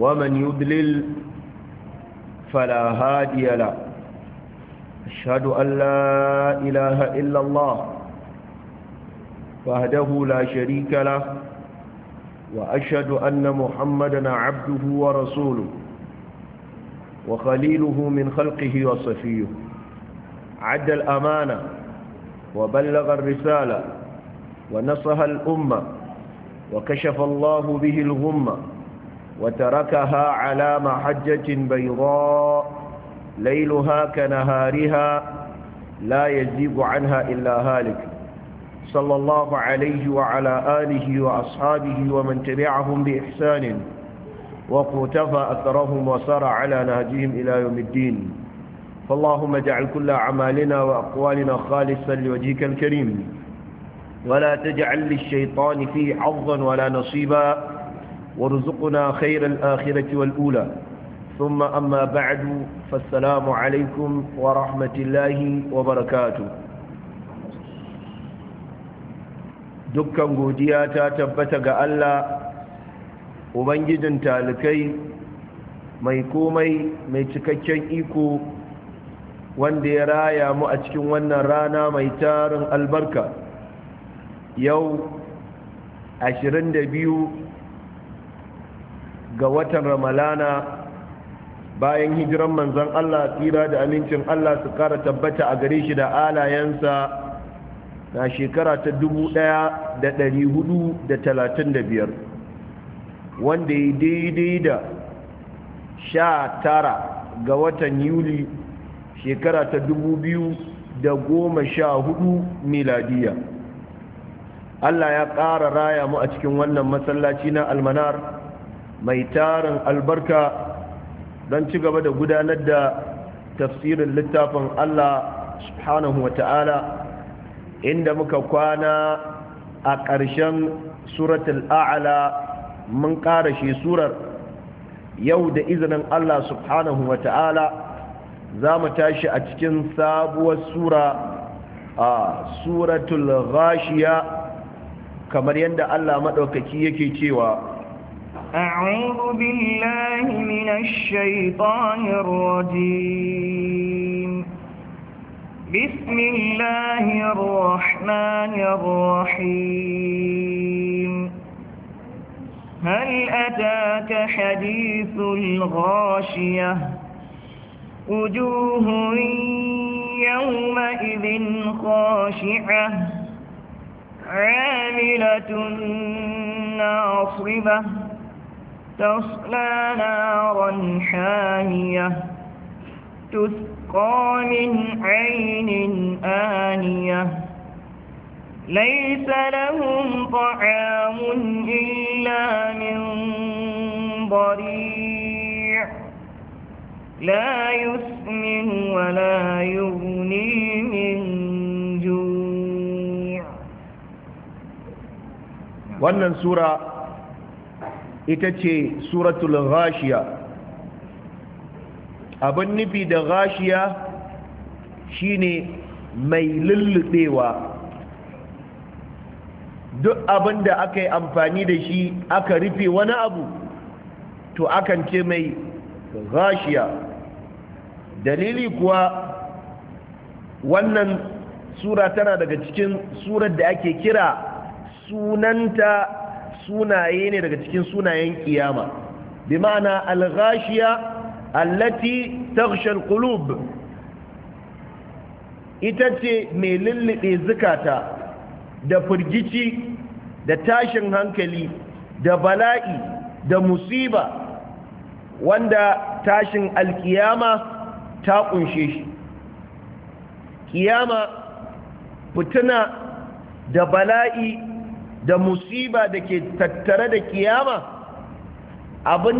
ومن يدلل فلا هادي له أشهد أن لا إله إلا الله فهده لا شريك له وأشهد أن محمدا عبده ورسوله وخليله من خلقه وصفيه عد الأمانة وبلغ الرسالة ونصها الأمة وكشف الله به الغمة وتركها على محجة بيضاء ليلها كنهارها لا يزيغ عنها إلا هالك صلى الله عليه وعلى آله وأصحابه ومن تبعهم بإحسان وقتفى أثرهم وسار على نهجهم إلى يوم الدين فاللهم اجعل كل أعمالنا وأقوالنا خالصا لوجهك الكريم ولا تجعل للشيطان فيه حظا ولا نصيبا وارزقنا خير الآخرة والأولى ثم أما بعد فالسلام عليكم ورحمة الله وبركاته dukkan godiya ta tabbata ga Allah Ubangijin talikai mai komai mai cikakken iko wanda ya raya mu a cikin wannan rana mai tarin albarka yau biyu. ga watan ramalana bayan hijiran manzan Allah tsira da amincin Allah su kara tabbata a gare shi da alayensa na shekara ta dubu ɗaya da da da ɗari talatin biyar, wanda ya daidai da sha tara ga watan yuli shekara ta da goma sha 2014 miladiya Allah ya ƙara raya mu a cikin wannan masallaci na almanar mai tarin albarka don ci gaba da gudanar da tafsirin littafin Allah subhanahu wa ta'ala inda muka kwana a ƙarshen suratul a'ala mun ƙarashe surar yau da izinin Allah subhanahu wa ta'ala za mu tashi a cikin sabuwar sura a suratul ghashiya kamar yadda Allah maɗaukaki yake cewa أعوذ بالله من الشيطان الرجيم بسم الله الرحمن الرحيم هل أتاك حديث الغاشية وجوه يومئذ خاشعة عاملة ناصبة تصلى نارا حامية تسقى من عين آنية ليس لهم طعام إلا من ضريع لا يسمن ولا يغني من جوع وأن سورة ita ce suratul ghashiya abin nufi da ghashiya shine mai lullubewa duk abin da aka yi amfani da shi aka rufe wani abu to akan ce mai ghashiya dalili kuwa wannan sura tana daga cikin surar da ake kira sunanta sunaye ne daga cikin sunayen kiyama bi ma'ana al-ghashiya allati taghsha al-qulub ita ce mai lullube zukata da firgici da tashin hankali da bala'i da musiba wanda tashin alkiyama ta kunshe shi kiyama fituna da bala'i da musiba da ke tattare da kiyama abin